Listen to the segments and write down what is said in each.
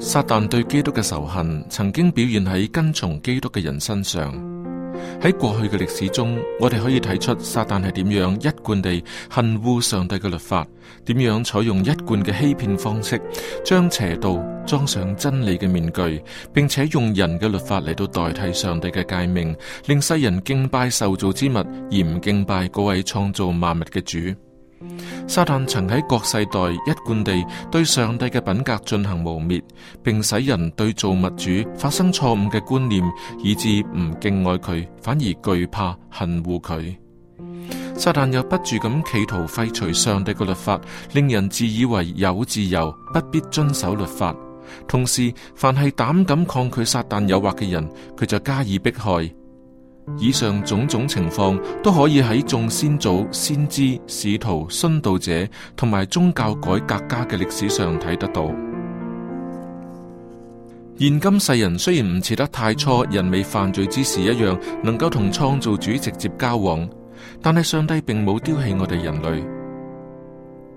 撒旦對基督嘅仇恨，曾經表現喺跟從基督嘅人身上。喺過去嘅歷史中，我哋可以睇出撒旦係點樣一貫地恨惡上帝嘅律法，點樣採用一貫嘅欺騙方式，將邪道裝上真理嘅面具，並且用人嘅律法嚟到代替上帝嘅誡命，令世人敬拜受造之物，而唔敬拜嗰位創造萬物嘅主。撒旦曾喺各世代一貫地對上帝嘅品格進行污蔑，並使人對造物主發生錯誤嘅觀念，以致唔敬愛佢，反而懼怕恨惡佢。撒旦又不住咁企圖廢除上帝嘅律法，令人自以為有自由，不必遵守律法。同時，凡係膽敢抗拒撒旦誘惑嘅人，佢就加以迫害。以上種種情況都可以喺眾先祖、先知、使徒、殉道者同埋宗教改革家嘅歷史上睇得到。現今世人雖然唔似得太初人未犯罪之時一樣，能夠同創造主直接交往，但係上帝並冇丟棄我哋人類。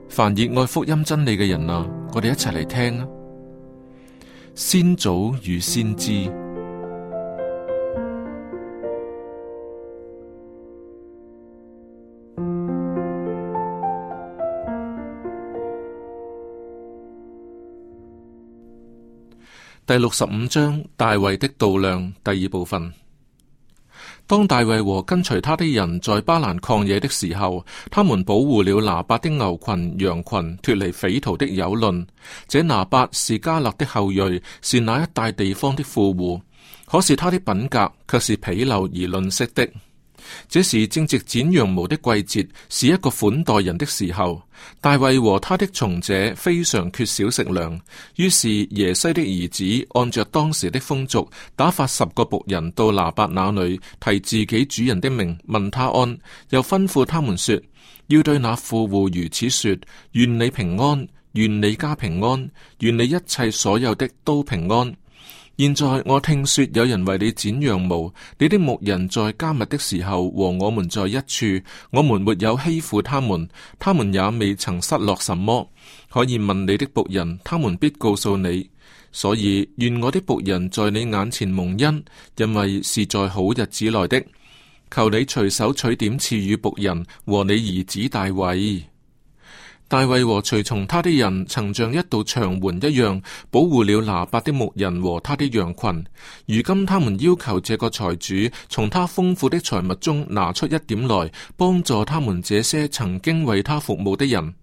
凡熱愛福音真理嘅人啊，我哋一齊嚟聽啊！先祖與先知。第六十五章大衛的度量，第二部分。當大衛和跟隨他的人在巴蘭曠野的時候，他們保護了拿八的牛群、羊群脫離匪徒的蹂躪。這拿八是迦勒的後裔，是那一帶地方的富戶，可是他的品格卻是鄙陋而吝嗇的。這時正值剪羊毛的季節，是一個款待人的時候。大衛和他的從者非常缺少食糧，於是耶西的兒子按着當時的風俗，打發十個僕人到拿八那裡，提自己主人的名問他安，又吩咐他們說：要對那富戶如此說，願你平安，願你家平安，願你一切所有的都平安。現在我聽說有人為你剪羊毛，你的牧人在加密的時候和我們在一處，我們沒有欺負他們，他們也未曾失落什麼。可以問你的僕人，他們必告訴你。所以，願我的僕人在你眼前蒙恩，因為是在好日子來的。求你隨手取點賜予僕人和你兒子大衛。大衛和隨從他的人，曾像一道長門一樣，保護了拿八的牧人和他的羊群。如今，他們要求這個財主從他豐富的財物中拿出一點來，幫助他們這些曾經為他服務的人。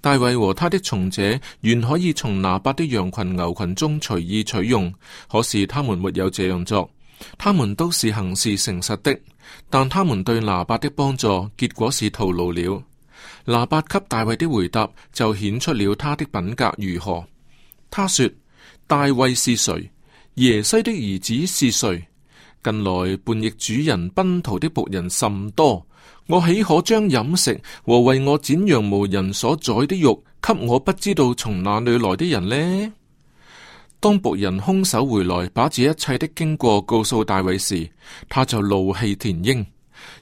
大衛和他的從者原可以從拿八的羊群、牛群中隨意取用，可是他們沒有這樣做。他們都是行事誠實的，但他們對拿八的幫助，結果是徒勞了。拿八給大衛的回答就顯出了他的品格如何。他說：大衛是誰？耶西的兒子是誰？近來叛逆主人奔逃的僕人甚多，我豈可將飲食和為我剪羊毛人所宰的肉，給我不知道從哪裏來的人呢？當僕人空手回來，把這一切的經過告訴大衛時，他就怒氣填膺。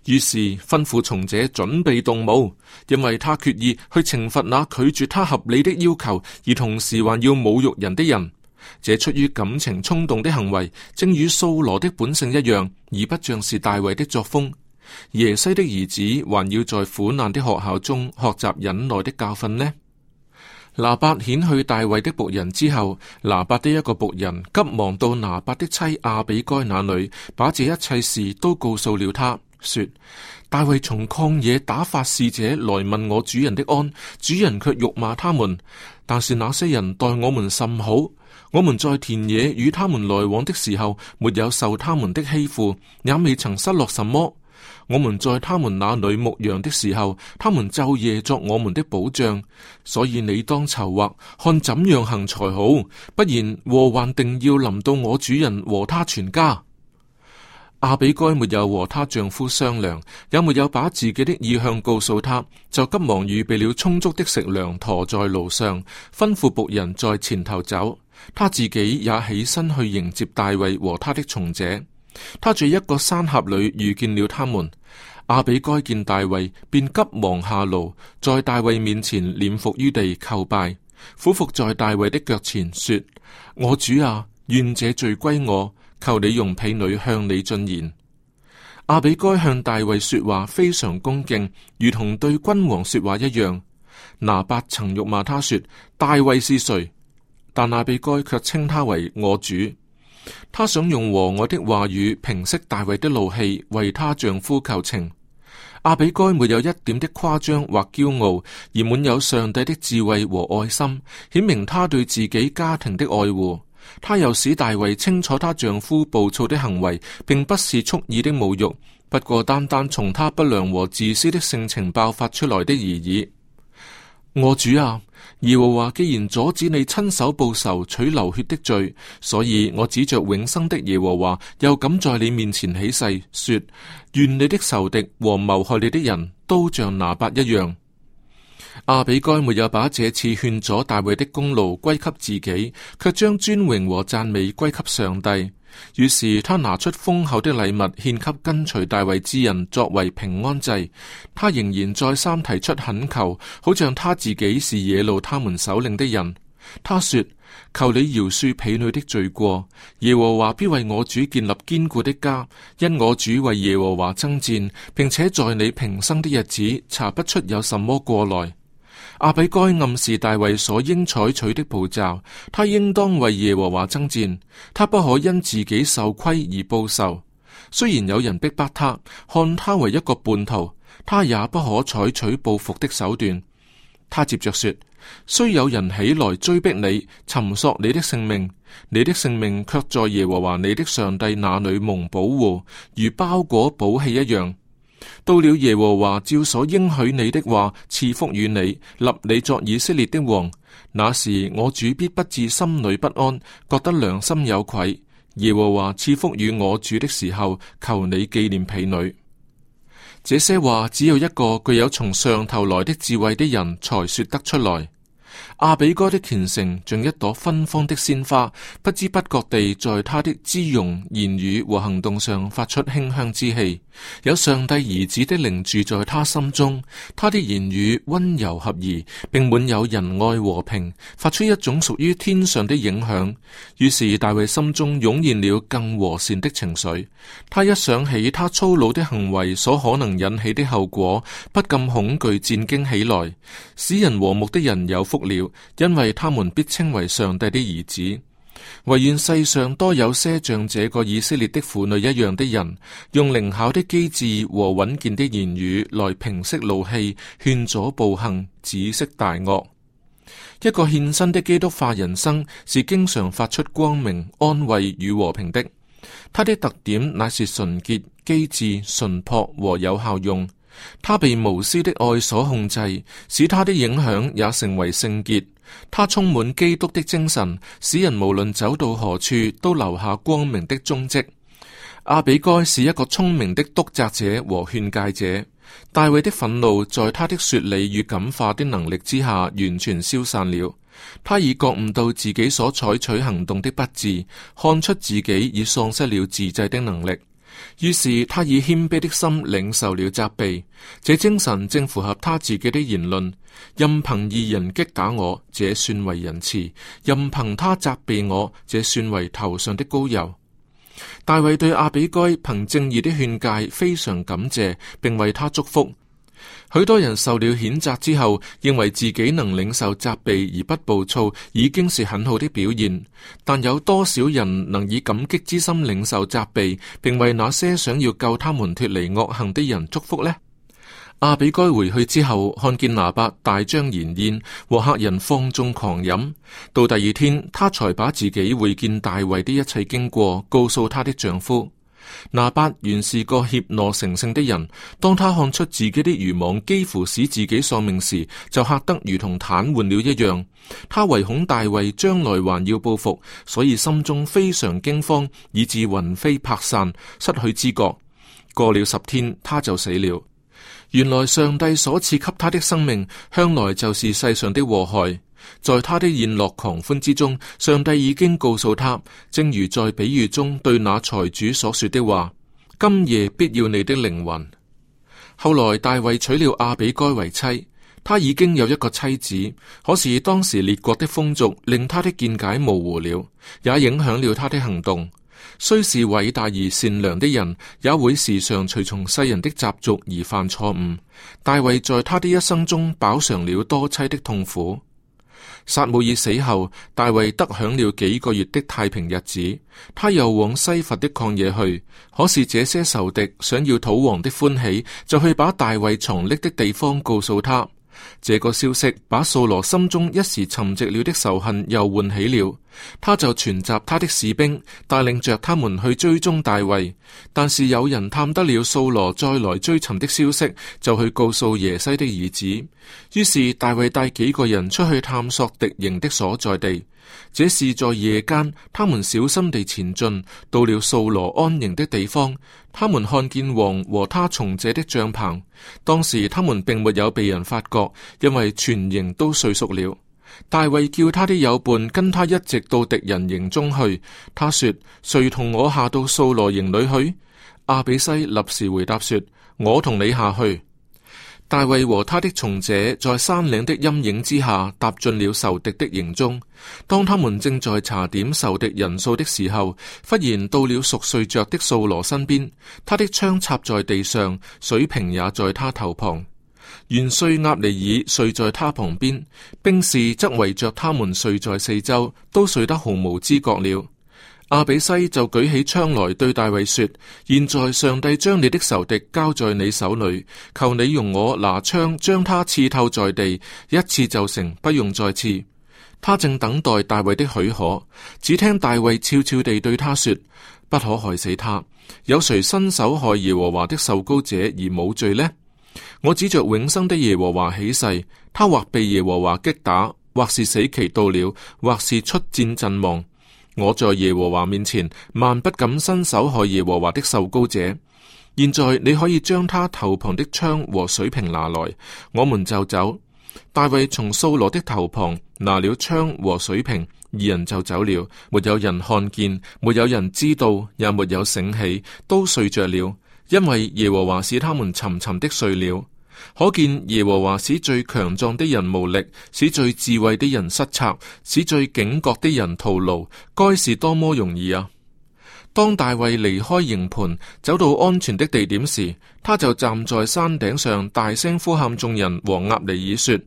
於是吩咐從者準備動武，因為他決意去懲罰那拒絕他合理的要求，而同時還要侮辱人的人。這出於感情衝動的行為，正與掃羅的本性一樣，而不像是大衛的作風。耶西的兒子還要在苦難的學校中學習忍耐的教訓呢。拿八遣去大衛的僕人之後，拿八的一個僕人急忙到拿八的妻亞比該那裏，把這一切事都告訴了他。說：大衛從曠野打發使者來問我主人的安，主人卻辱罵他們。但是那些人待我們甚好，我們在田野與他們來往的時候，沒有受他們的欺負，也未曾失落什麼。我們在他們那裏牧羊的時候，他們晝夜作我們的保障。所以你當籌劃，看怎樣行才好，不然禍患定要臨到我主人和他全家。阿比該沒有和她丈夫商量，也沒有把自己的意向告訴他，就急忙預備了充足的食糧，馱在路上，吩咐僕人在前頭走，他自己也起身去迎接大衛和他的從者。他在一個山峽裏遇見了他們。阿比該見大衛，便急忙下路，在大衛面前臉伏於地叩拜，俯伏在大衛的腳前說：我主啊，願這罪歸我。求你用婢女向你進言。阿比該向大衛說話非常恭敬，如同對君王說話一樣。拿八曾辱罵他說大衛是誰，但阿比該卻稱他為我主。他想用和藹的話語平息大衛的怒氣，為他丈夫求情。阿比該沒有一點的誇張或驕傲，而滿有上帝的智慧和愛心，顯明他對自己家庭的愛護。她又使大衛清楚，她丈夫暴躁的行為並不是蓄意的侮辱，不過單單從她不良和自私的性情爆發出來的而已。我主啊，耶和華既然阻止你親手報仇取流血的罪，所以我指着永生的耶和華，又敢在你面前起誓，說願你的仇敵和謀害你的人都像拿八一樣。阿比該沒有把這次勸阻大衛的功勞歸給自己，卻將尊榮和讚美歸給上帝。於是他拿出豐厚的禮物獻給跟隨大衛之人作為平安祭。他仍然再三提出懇求，好像他自己是野路他們首領的人。他說：求你饒恕婢女的罪過，耶和華必為我主建立堅固的家，因我主為耶和華爭戰，並且在你平生的日子查不出有什麼過來。阿比該暗示大衛所應採取的步驟，他應當為耶和華爭戰，他不可因自己受虧而報仇。雖然有人逼迫他，看他為一個叛徒，他也不可採取報復的手段。他接着說：雖有人起來追逼你，尋索你的性命，你的性命卻在耶和華你的上帝那裏蒙保護，如包裹寶器一樣。到了耶和華照所應許你的話賜福與你，立你作以色列的王，那時我主必不至心裏不安，覺得良心有愧。耶和華賜福與我主的時候，求你紀念婢女這些話。只有一個具有從上頭來的智慧的人才說得出來。阿比哥的虔誠像一朵芬芳的鮮花，不知不覺地在他的姿容、言語和行動上發出馨香之氣。有上帝兒子的靈住在他心中，他的言語溫柔合宜，並滿有仁愛和平，發出一種屬於天上的影響。於是大衛心中湧現了更和善的情緒。他一想起他粗魯的行為所可能引起的後果，不禁恐懼戰驚起來。使人和睦的人有福了。因為他們必稱為上帝的兒子，惟願世上多有些像這個以色列的婦女一樣的人，用靈巧的機智和穩健的言語來平息怒氣，勸阻暴行，止息大惡。一個獻身的基督化人生是經常發出光明、安慰與和平的。他的特點乃是純潔、機智、淳樸和有效用。他被無私的愛所控制，使他的影響也成為聖潔。他充滿基督的精神，使人無論走到何處都留下光明的蹤跡。阿比該是一個聰明的督責者和勸誡者。大衛的憤怒在他的說理與感化的能力之下完全消散了。他已覺悟到自己所採取行動的不智，看出自己已喪失了自制的能力。於是他以謙卑的心領受了責備，這精神正符合他自己的言論。任憑義人擊打我，這算為仁慈；任憑他責備我，這算為頭上的膏油。大衛對亞比該憑正義的勸誡非常感謝，並為他祝福。許多人受了譴責之後，認為自己能領受責備而不暴躁，已經是很好的表現。但有多少人能以感激之心領受責備，並為那些想要救他們脱離惡行的人祝福呢？阿比該回去之後，看見拿八大張筵宴，和客人放縱狂飲，到第二天，她才把自己會見大衛的一切經過告訴她的丈夫。拿八原是個怯懦成性的人，當他看出自己的愚妄幾乎使自己喪命時，就嚇得如同癱瘓了一樣。他唯恐大衛將來還要報復，所以心中非常驚慌，以致魂飛魄散，失去知覺。過了十天，他就死了。原來上帝所賜給他的生命，向來就是世上的禍害。在他的宴樂狂歡之中，上帝已經告訴他，正如在比喻中對那財主所說的話，今夜必要你的靈魂。後來大衛娶了阿比該為妻，他已經有一個妻子，可是當時列國的風俗令他的見解模糊了，也影響了他的行動。雖是偉大而善良的人，也會時常隨從世人的習俗而犯錯誤。大衛在他的一生中飽嘗了多妻的痛苦。撒母耳死後，大衛得享了幾個月的太平日子。他又往西弗的曠野去，可是這些仇敵想要土王的歡喜，就去把大衛藏匿的地方告訴他。這個消息把掃羅心中一時沉寂了的仇恨又喚起了，他就傳集他的士兵，帶領着他們去追蹤大衛。但是有人探得了掃羅再來追尋的消息，就去告訴耶西的兒子。於是大衛帶幾個人出去探索敵營的所在地。這是在夜間，他們小心地前進到了掃羅安營的地方。他們看見王和他從者的帳篷，當時他們並沒有被人發覺，因為全營都睡熟了。大衛叫他的友伴跟他一直到敵人營中去。他說：誰同我下到掃羅營裏去？阿比西立時回答說：我同你下去。大衛和他的從者在山嶺的陰影之下，踏進了仇敵的營中。當他們正在查點仇敵人數的時候，忽然到了熟睡着的掃羅身邊，他的槍插在地上，水瓶也在他頭旁。元帥押尼珥睡在他旁邊，兵士則圍着他們睡在四周，都睡得毫無知覺了。阿比西就舉起槍來對大衛說：現在上帝將你的仇敵交在你手裏，求你用我拿槍將他刺透在地，一次就成，不用再刺。他正等待大衛的許可，只聽大衛悄悄地對他說：不可害死他。有誰伸手害耶和華的受膏者而冇罪呢？我指着永生的耶和華起誓，他或被耶和華擊打，或是死期到了，或是出戰陣亡。我在耶和華面前萬不敢伸手害耶和華的受膏者。現在你可以將他頭旁的槍和水瓶拿來，我們就走。大衛從掃羅的頭旁拿了槍和水瓶，二人就走了。沒有人看見，沒有人知道，也沒有醒起，都睡着了，因為耶和華使他們沉沉的睡了。可見耶和華使最強壯的人無力，使最智慧的人失策，使最警覺的人徒勞，該是多麼容易啊！當大衛離開營盤，走到安全的地點時，他就站在山頂上大聲呼喊眾人和押尼珥說：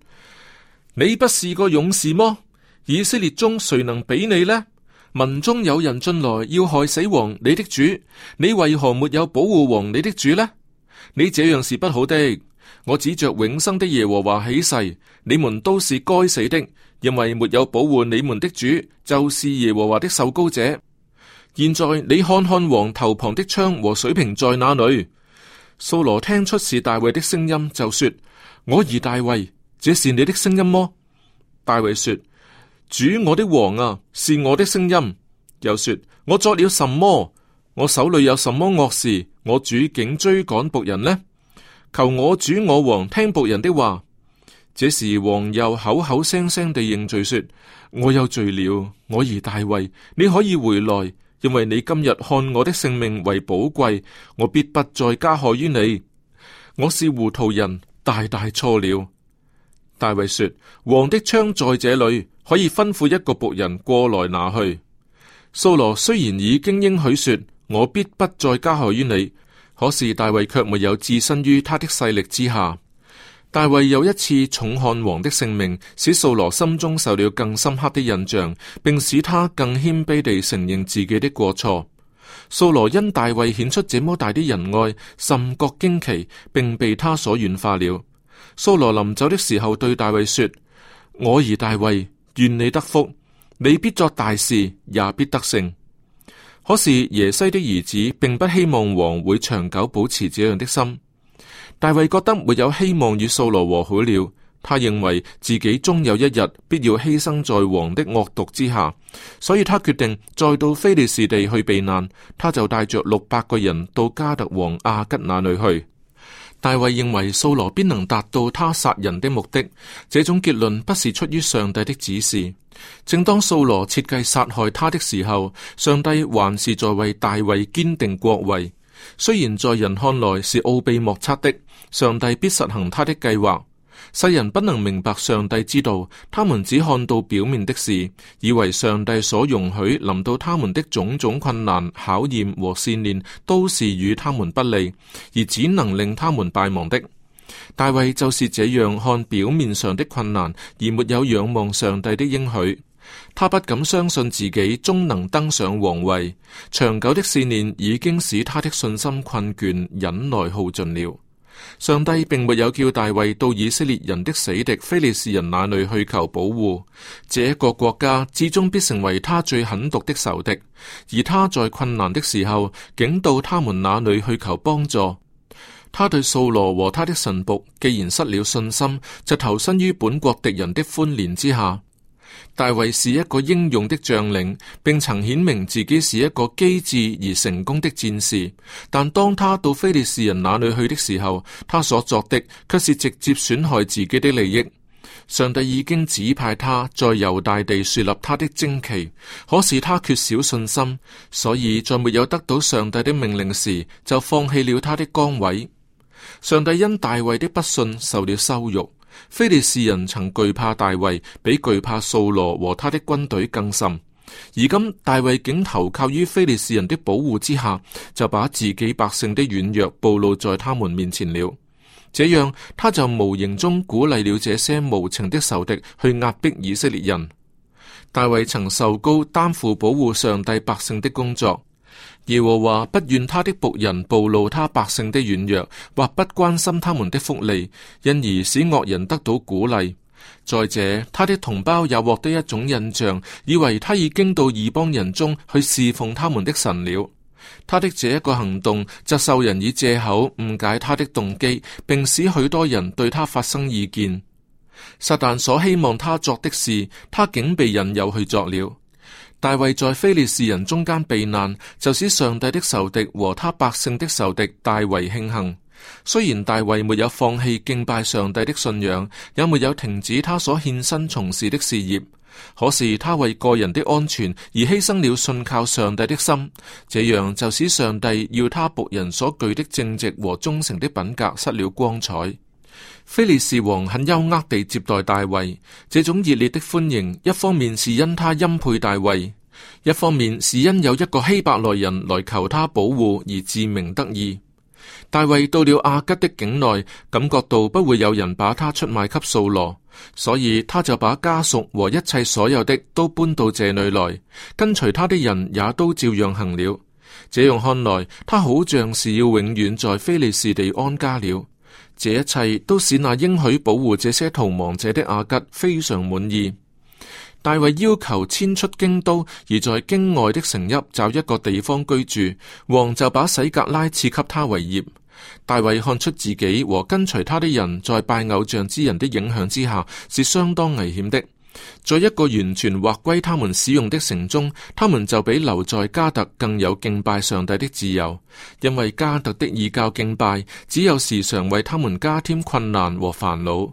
你不是個勇士麼？以色列中誰能比你呢？民中有人進來要害死王，你的主，你為何沒有保護王，你的主呢？你這樣是不好的。我指着永生的耶和華起誓，你們都是該死的，因為沒有保護你們的主，就是耶和華的受膏者。現在你看看王頭旁的槍和水瓶在哪裏？掃羅聽出是大衛的聲音，就說：我兒大衛，這是你的聲音麼？大衛說：主我的王啊，是我的聲音。又說：我作了什麼？我手裏有什麼惡事？我主竟追趕僕人呢？求我主我王聽僕人的話，這時王又口口聲聲地認罪說：我有罪了，我兒大衛，你可以回來，因為你今日看我的性命為寶貴，我必不再加害於你。我是糊塗人，大大錯了。大衛說：王的槍在這裏，可以吩咐一個僕人過來拿去。掃羅雖然已經應許說，我必不再加害於你。可是大衛卻沒有置身於他的勢力之下。大衛有一次重漢王的性命，使掃羅心中受了更深刻的印象，並使他更謙卑地承認自己的過錯。掃羅因大衛顯出這麼大的仁愛，甚覺驚奇，並被他所軟化了。掃羅臨走的時候對大衛說：我兒大衛，願你得福，你必作大事，也必得勝。可是耶西的兒子並不希望王會長久保持這樣的心。大衛覺得沒有希望與掃羅和好了，他認為自己終有一日必要犧牲在王的惡毒之下，所以他決定再到非利士地去避難。他就帶着六百個人到加特王亞吉那裏去。大衛認為掃羅必能達到他殺人的目的，這種結論不是出於上帝的指示。正當掃羅設計殺害他的時候，上帝還是在為大衛堅定國位。雖然在人看來是奧秘莫測的，上帝必實行他的計劃。世人不能明白上帝之道，他們只看到表面的事，以為上帝所容許臨到他們的種種困難、考驗和試煉，都是與他們不利，而只能令他們敗亡的。大衛就是這樣看表面上的困難，而沒有仰望上帝的應許。他不敢相信自己終能登上皇位，長久的試煉已經使他的信心困倦、忍耐耗盡了。上帝並沒有叫大衛到以色列人的死敵非利士人那裏去求保護，這個國家至終必成為他最狠毒的仇敵，而他在困難的時候，竟到他們那裏去求幫助。他對掃羅和他的神僕既然失了信心，就投身於本國敵人的歡憐之下。大衛是一個英勇的將領，並曾顯明自己是一個機智而成功的戰士。但當他到非利士人那裡去的時候，他所作的卻是直接損害自己的利益。上帝已經指派他在猶大地設立他的旌旗，可是他缺少信心，所以在沒有得到上帝的命令時，就放棄了他的崗位。上帝因大衛的不信受了羞辱。非利士人曾懼怕大衛，比懼怕掃羅和他的軍隊更甚。而今大衛竟投靠於非利士人的保護之下，就把自己百姓的軟弱暴露在他們面前了。這樣，他就無形中鼓勵了這些無情的仇敵去壓迫以色列人。大衛曾受高擔負保護上帝百姓的工作。耶和華不願他的僕人暴露他百姓的軟弱，或不關心他們的福利，因而使惡人得到鼓勵。再者，他的同胞也獲得一種印象，以為他已經到異邦人中去侍奉他們的神了。他的這一個行動，則受人以借口誤解他的動機，並使許多人對他發生意見。撒但所希望他作的事，他竟被引誘去作了。大衛在非利士人中間避難，就使上帝的仇敵和他百姓的仇敵大為慶幸。雖然大衛沒有放棄敬拜上帝的信仰，也沒有停止他所獻身從事的事業，可是他為個人的安全而犧牲了信靠上帝的心，這樣就使上帝要他僕人所具的正直和忠誠的品格失了光彩。非利士王很優渥地接待大衛，這種熱烈的歡迎，一方面是因他欽佩大衛，一方面是因有一個希伯來人來求他保護而自鳴得意。大衛到了亞吉的境內，感覺到不會有人把他出賣給掃羅，所以他就把家屬和一切所有的都搬到這裏來，跟隨他的人也都照樣行了。這樣看來，他好像是要永遠在非利士地安家了。這一切都使那應許保護這些逃亡者的亞吉非常滿意。大衛要求遷出京都，而在京外的城邑找一個地方居住，王就把洗格拉賜給他為業。大衛看出自己和跟隨他的人在拜偶像之人的影響之下是相當危險的。在一個完全劃歸他們使用的城中，他們就比留在加特更有敬拜上帝的自由，因為加特的異教敬拜只有時常為他們加添困難和煩惱。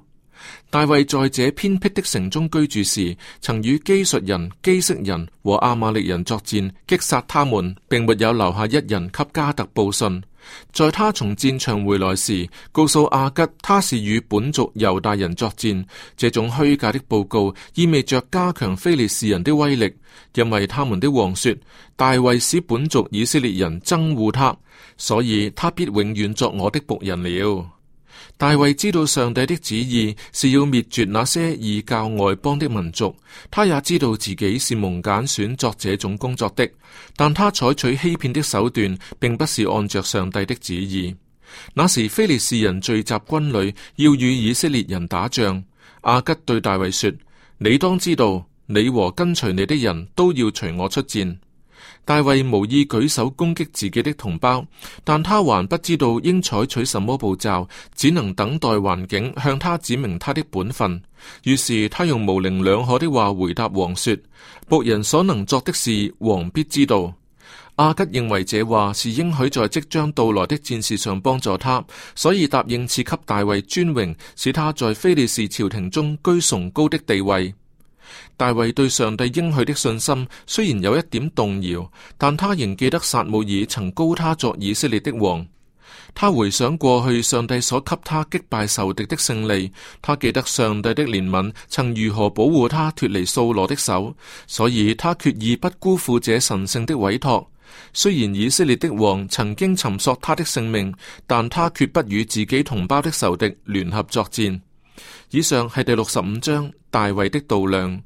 大衛在這偏僻的城中居住時，曾與基述人、基色人和阿瑪力人作戰，擊殺他們，並沒有留下一人給加特報信。在他從戰場回來時，告訴亞吉，他是與本族猶大人作戰。這種虛假的報告意味着加強非利士人的威力，因為他們的王說：大衛使本族以色列人憎惡他，所以他必永遠作我的僕人了。大衛知道上帝的旨意是要滅絕那些異教外邦的民族，他也知道自己是蒙揀選作這種工作的，但他採取欺騙的手段，並不是按着上帝的旨意。那時，非利士人聚集軍旅，要與以色列人打仗。亞吉對大衛說：你當知道，你和跟隨你的人都要隨我出戰。大衛無意舉手攻擊自己的同胞，但他還不知道應採取什麼步驟，只能等待環境向他指明他的本分。於是他用模棱兩可的話回答王說：僕人所能做的事，王必知道。亞吉認為這話是應許在即將到來的戰事上幫助他，所以答應賜給大衛尊榮，使他在非利士朝廷中居崇高的地位。大衛對上帝應許的信心雖然有一點動搖，但他仍記得撒母耳曾膏他作以色列的王。他回想過去上帝所給他擊敗仇敵的勝利，他記得上帝的憐憫曾如何保護他脫離掃羅的手，所以他決意不辜負這神聖的委託。雖然以色列的王曾經尋索他的性命，但他決不與自己同胞的仇敵聯合作戰。以上係第六十五章大衛的量度。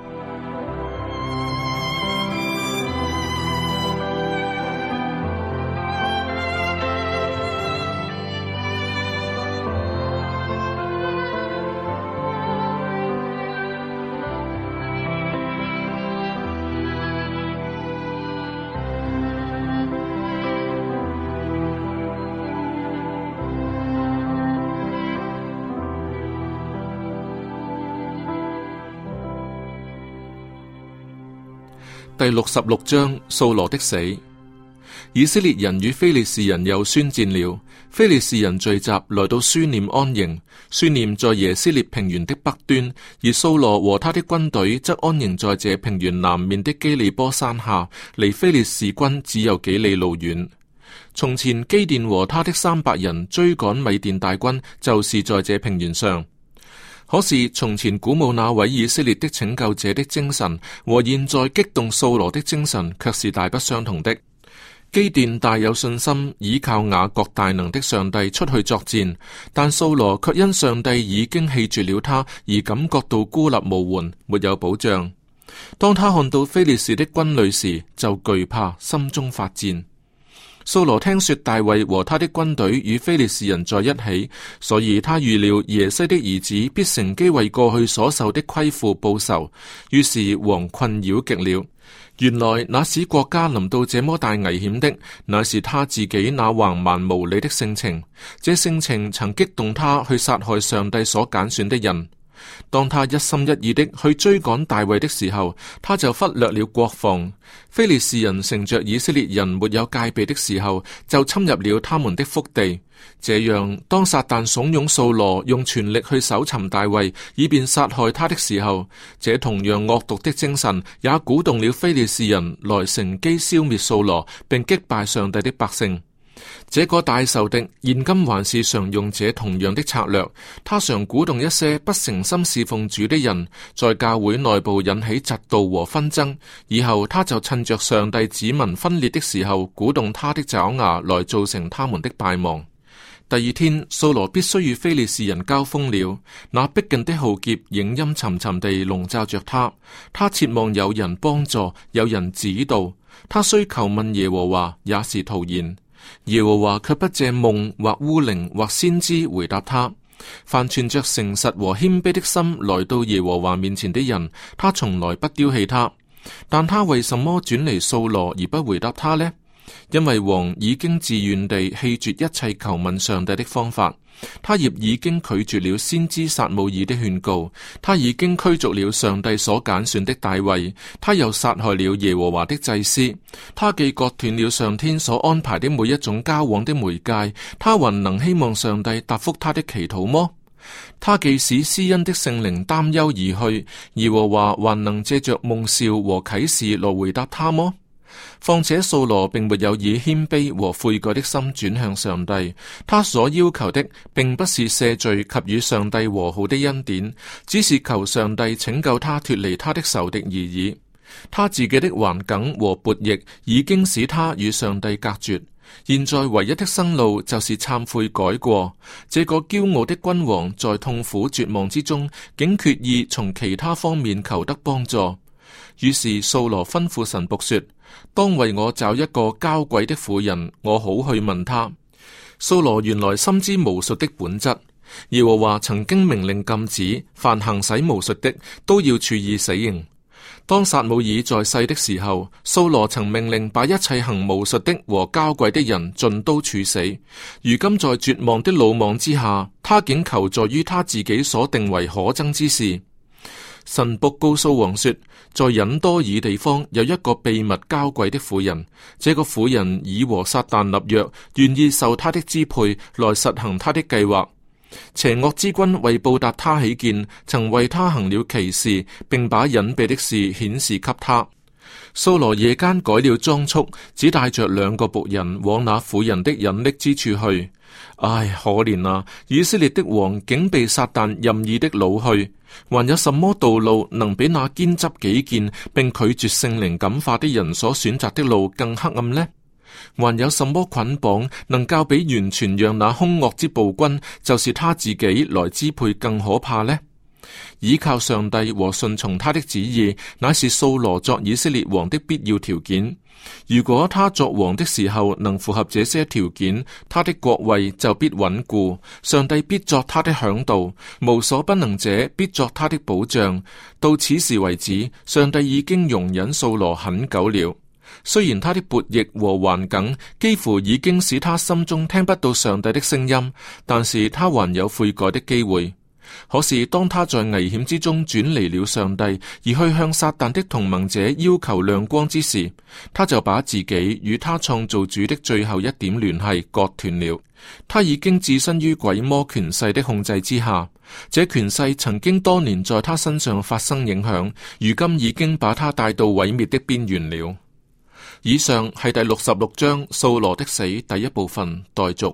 第六十六章，掃羅的死。以色列人與非利士人又宣戰了。非利士人聚集來到書念安營，書念在耶斯列平原的北端，而掃羅和他的軍隊則安營在這平原南面的基利波山下，離非利士軍只有幾里路遠。從前基甸和他的三百人追趕米甸大軍，就是在這平原上。可是從前鼓舞那位以色列的拯救者的精神，和現在激動掃羅的精神，卻是大不相同的。基甸大有信心，倚靠雅各大能的上帝出去作戰，但掃羅卻因上帝已經棄絕了他，而感覺到孤立無援，沒有保障。當他看到非利士的軍旅時，就懼怕，心中發戰。掃羅聽說大衛和他的軍隊與非利士人在一起，所以他預料耶西的兒子必乘機為過去所受的虧負報仇。於是王困擾極了。原來那使國家臨到這麼大危險的，乃是他自己那橫蠻無理的性情。這性情曾激動他去殺害上帝所揀選的人。當他一心一意的去追趕大衛的時候，他就忽略了國防。非利士人乘着以色列人沒有戒備的時候，就侵入了他們的腹地。這樣，當撒旦慫恿掃羅用全力去搜尋大衛，以便殺害他的時候，這同樣惡毒的精神也鼓動了非利士人來乘機消滅掃羅，並擊敗上帝的百姓。這個大仇敵現今還是常用這同樣的策略，他常鼓動一些不誠心侍奉主的人，在教會內部引起嫉妒和紛爭。以後他就趁着上帝子民分裂的時候，鼓動他的爪牙來造成他們的敗亡。第二天，掃羅必須與非利士人交鋒了。那逼近的浩劫，影陰沉沉地籠罩着他。他切望有人幫助，有人指導。他需求問耶和華，也是徒然。耶和華卻不借夢或烏靈或先知回答他。凡存着誠實和謙卑的心來到耶和華面前的人，他從來不丟棄他。但他為什麼轉離掃羅而不回答他呢？因為王已經自願地棄絕一切求問上帝的方法。他亦已經拒絕了先知撒母耳的勸告，他已經驅逐了上帝所揀選的大衛，他又殺害了耶和華的祭司，他既割斷了上天所安排的每一種交往的媒介，他還能希望上帝答復他的祈禱麼？他既使私恩的聖靈擔憂而去，耶和華還能借着夢兆和啟示來回答他麼？況且掃羅並沒有以謙卑和悔改的心轉向上帝，他所要求的並不是赦罪及與上帝和好的恩典，只是求上帝拯救他脫離他的仇敵而已。他自己的環境和悖逆已經使他與上帝隔絕，現在唯一的生路就是懺悔改過。這個驕傲的君王在痛苦絕望之中，竟決意從其他方面求得幫助。於是掃羅吩咐神僕說：當為我找一個交鬼的婦人，我好去問她。」掃羅原來深知巫術的本質，耶和華曾經命令禁止凡行使巫術的都要處以死刑。當撒母耳在世的時候，掃羅曾命令把一切行巫術的和交鬼的人盡都處死。如今在絕望的魯莽之下，他竟求助於他自己所定為可憎之事。神僕告訴王說，在隱多爾地方有一個秘密交鬼的婦人，這個婦人已和撒旦立約，願意受他的支配來實行他的計劃。邪惡之君為報答他起見，曾為他行了奇事，並把隱秘的事顯示給他。掃羅夜間改了裝束，只帶着兩個僕人往那婦人的隱匿之處去。唉，可憐啊！以色列的王竟被撒旦任意的老去。還有什麼道路能比那堅執己見並拒絕聖靈感化的人所選擇的路更黑暗呢？還有什麼捆綁能夠比完全讓那凶惡之暴君就是他自己來支配更可怕呢？依靠上帝和順從他的旨意，乃是掃羅作以色列王的必要條件。如果他作王的時候能符合這些條件，他的國位就必穩固，上帝必作他的嚮導，無所不能者必作他的保障。到此時為止，上帝已經容忍掃羅很久了。雖然他的薄翼和環境幾乎已經使他心中聽不到上帝的聲音，但是他還有悔改的機會。可是，當他在危險之中轉離了上帝，而去向撒旦的同盟者要求亮光之時，他就把自己與他創造主的最後一點聯繫割斷了。他已經置身於鬼魔權勢的控制之下，這權勢曾經多年在他身上發生影響，如今已經把他帶到毀滅的邊緣了。以上係第六十六章《掃羅的死》第一部分待續。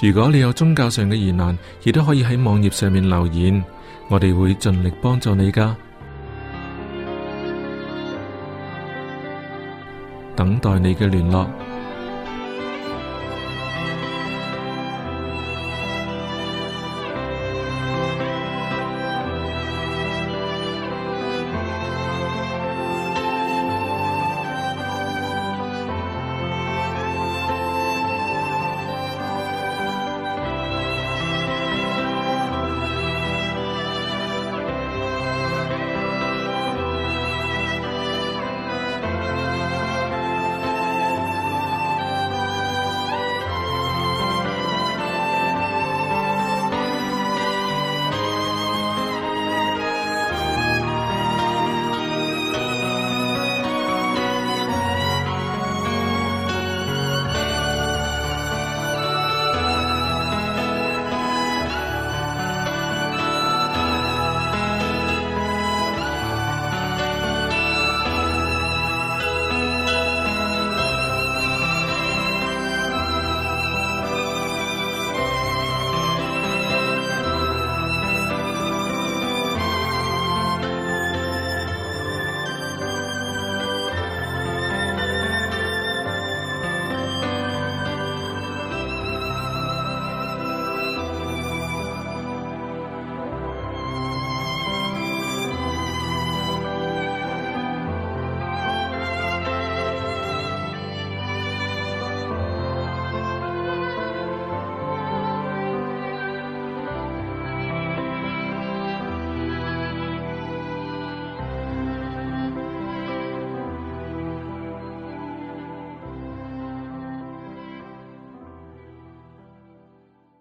如果你有宗教上嘅疑難，亦都可以喺網頁上面留言，我哋會盡力幫助你㗎，等待你嘅聯絡。